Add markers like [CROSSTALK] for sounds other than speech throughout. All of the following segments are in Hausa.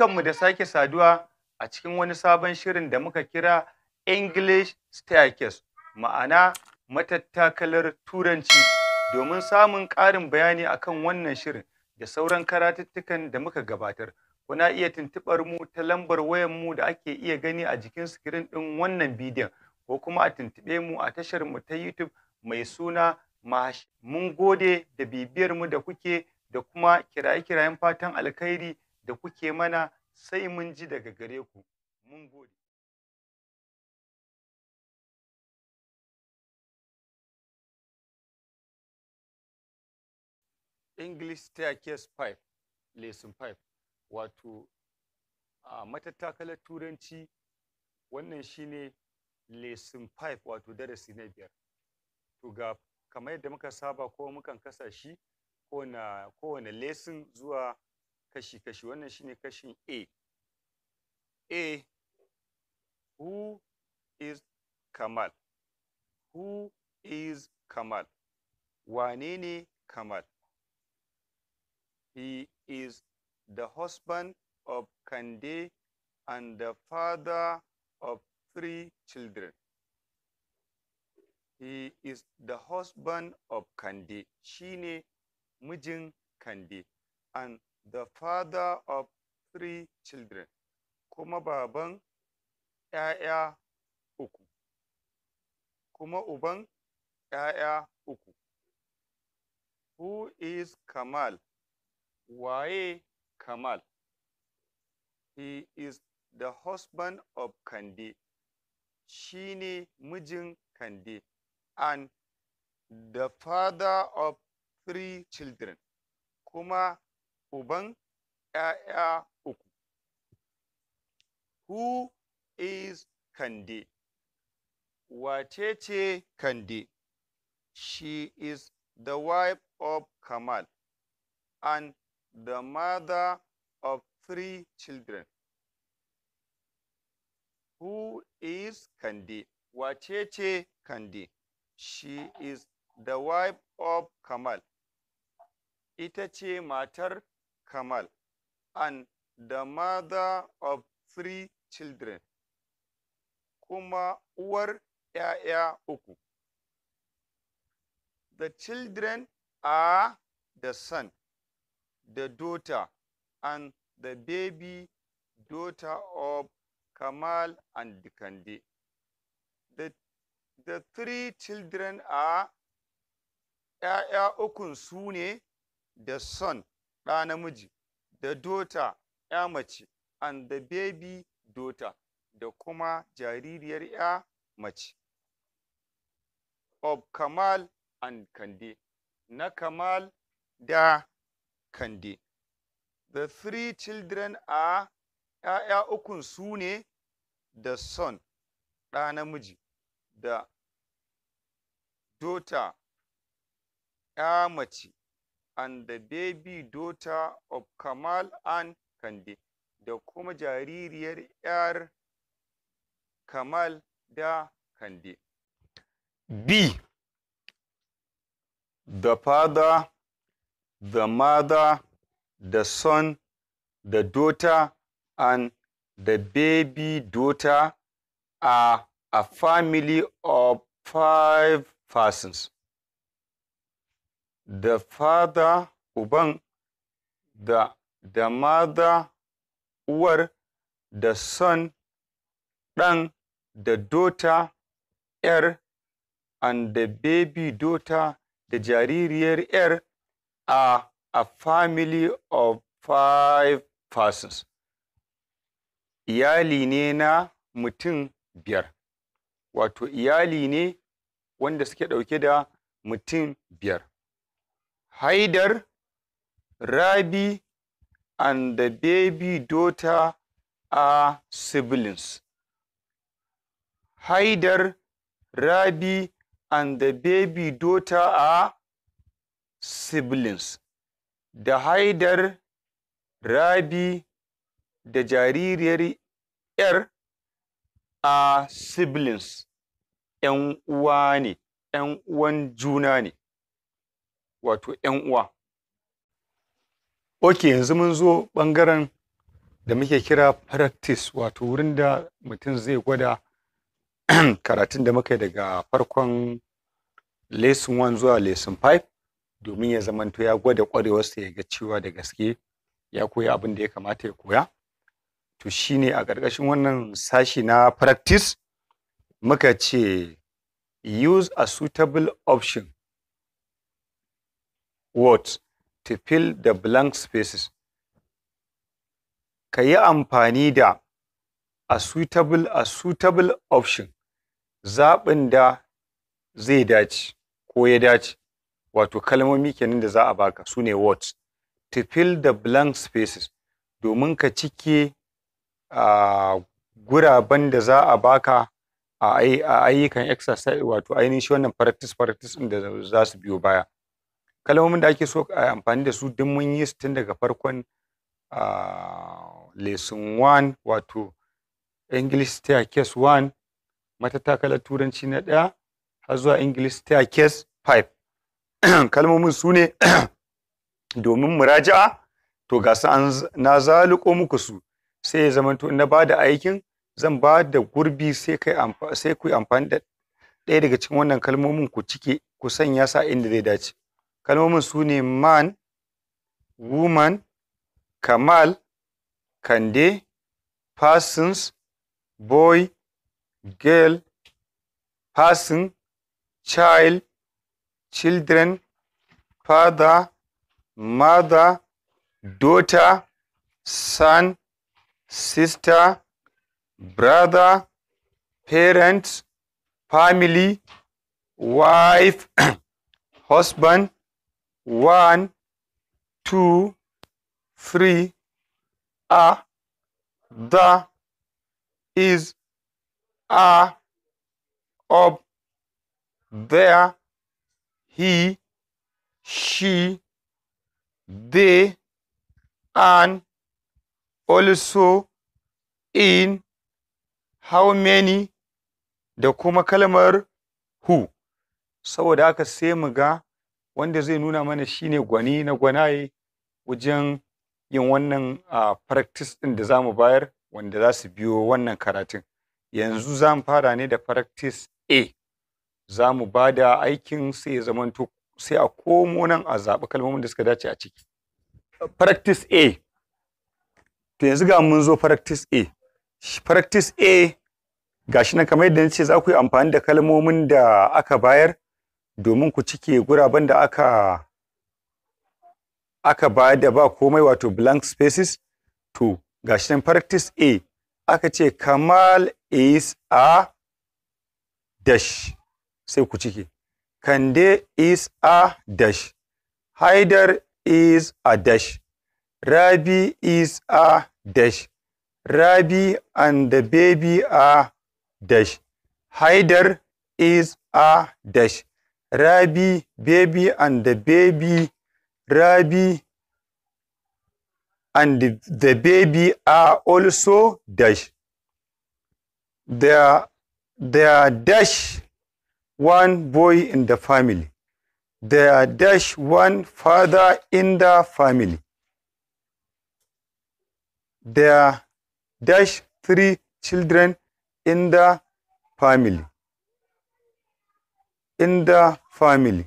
barkanmu da sake saduwa a cikin wani sabon shirin da muka kira English Staircase, ma'ana matattakalar Turanci, domin samun ƙarin bayani akan wannan shirin da sauran karatuttukan da muka gabatar. Kuna iya tuntuɓar mu ta lambar mu da ake iya gani a jikin sikirin ɗin wannan bidiyon, ko kuma a tuntuɓe mu a tashar mu ta YouTube mai suna Mash. Mun gode da bibiyar mu da kuke da kuma kiraye-kirayen fatan alkhairi da kuke mana sai mun ji daga gare ku mun gode English Staircase 5, Lesson 5, wato a matattakalar Turanci wannan shine Lesson 5 wato darasi na biyar. To ga kamar yadda muka saba ko mukan kasa shi kowane lesson zuwa kashi-kashi wannan shine kashin A A who is Kamal who is Kamal wane ne Kamal he is the husband of Kande and the father of three children he is the husband of Kande shine mijin Kande and the father of three children, kuma baban ‘ya'ya uku, kuma uban ‘ya'ya uku. Who is Kamal? Waye Kamal? He is the husband of kande Shi ne mijin kande And the father of three children. Kuma uban ‘ya'ya uku. Who is Kande? Wace ce Kande? She is the wife of Kamal and the mother of three children. Who is Kande? Wace ce Kande? She is the wife of Kamal. Ita ce matar Kamal and the mother of three children, kuma uwar ‘ya'ya uku. The children are the son, the daughter, and the baby daughter of Kamal and Dikande. The, the three children are ‘ya'ya ukun su ne, the son, ɗa namiji da dota ya mace and the baby dota da kuma jaririyar ya mace of Kamal and Kande na Kamal da Kande the three children are ‘ya'ya ukun su ne da son ɗa namiji da dota ‘ya mace and the baby daughter of Kamal and Kande da kuma jaririyar 'yar Kamal da Kande. B. The father, the mother, the son, the daughter, and the baby daughter are a family of five persons. da fada uban da da mada uwar da son ɗan da dota ‘yar and the baby daughter da jaririyar ‘yar a a family of five persons. Iyali ne na mutum biyar, wato iyali ne wanda suke ɗauke da mutum biyar. Haidar, Rabi, and the baby daughter are siblings. Haidar, Rabi, and the baby daughter are siblings. Da Haidar, Rabi, da jaririyar ‘yar a siblings, ‘yan uwa ne, ‘yan uwan juna ne. wato 'yan uwa. Ok, yanzu mun zo ɓangaren da muke kira practice wato wurin da mutum zai gwada [CLEARS THROAT] karatun da muka yi daga farkon lesson 1 zuwa lesson 5 domin ya zamanto ya gwada ƙwarewarsa ya ga cewa da gaske ya koya abin da ya kamata ya koya. To shi ne a ƙarƙashin wannan sashi na practice muka ce use a suitable option words to fill the blank spaces. Ka yi amfani da a suitable, a suitable option, zaɓin da zai dace ko ya dace, wato kalmomi kenan da za a baka su ne words. To fill the blank spaces, domin ka cike a guraben da za a baka a ayyukan exercise wato ainihin shi wannan practice practice ɗin da za su biyo baya. kalmomin da ake so a amfani da su duk mun yi su tun daga farkon lesson 1 wato english staircase 1 matatakalar turanci na ɗaya har zuwa english staircase 5 [CLEARS THROAT] kalmomin su ne [CLEARS THROAT] domin muraja'a to ga su an na zaluko muku su sai ya zamanto na ba da aikin zan ba da gurbi sai kai amfani da ɗaya daga cikin wannan kalmomin ku cike ku sanya sa inda zai dace kalmomin su ne man woman kamal kande persons boy girl person child children father mother daughter son sister brother parents family wife [CLEARS THROAT] husband one, two, three, a, the, is, a of, there, he, she, they, and, also, in, how many, da kuma kalmar who. Saboda haka sai mu ga wanda zai nuna mana shine gwani na gwanaye wajen yin wannan a practice ɗin da za mu bayar wanda za su biyo wannan karatun yanzu za mu fara ne da practice a za mu ba da aikin sai ya zamanto sai a komo nan a zaɓi kalmomin da suka dace a ciki practice a to yanzu ga mun zo practice a practice a gashi nan kamar yadda nace za ku yi amfani da kalmomin da aka bayar domin ku cike guraben da aka aka ba da ba komai wato blank spaces to gashi nan practice A aka ce Kamal is a dash sai ku cike Kande is a dash Haidar is a dash Rabi is a dash Rabi and the baby are dash Haidar is a dash Rabi, baby and the baby, Rabi and the baby are also dash. There, are dash one boy in the family. There are dash one father in the family. There are dash three children in the family in the family.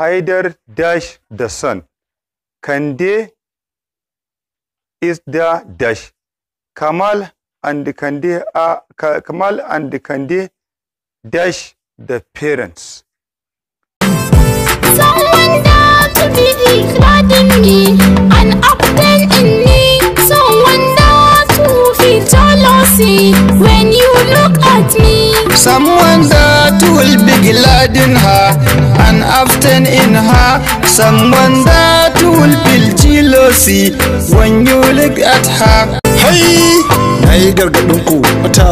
Haidar dash the son. Kande is the dash. Kamal and Kande are Kamal and Kande dash the parents. Someone me when you look at me. Someone that will in her and often in her someone that will build jealousy when you look at her. Hey! yi gargaɗin ku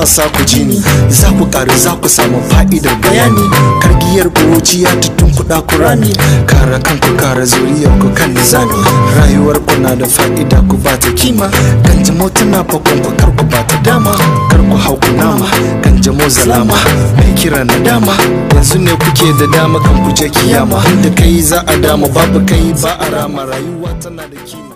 sa ku ji ni za ku ƙaru za ku samu fa'idar bayani kargiyar kuroci ya tutun kuɗa ku rani kara kanku kara zuriyar ku kan nizami rayuwar ku na da fa'ida ku ba ta kima kan jamo tana fakon ku kar ba ta dama kar hau ku nama kan jamo zalama mai kira na dama yanzu ne kuke da dama kan ku je kiyama da kai za a dama babu kai ba a rama rayuwa tana da kima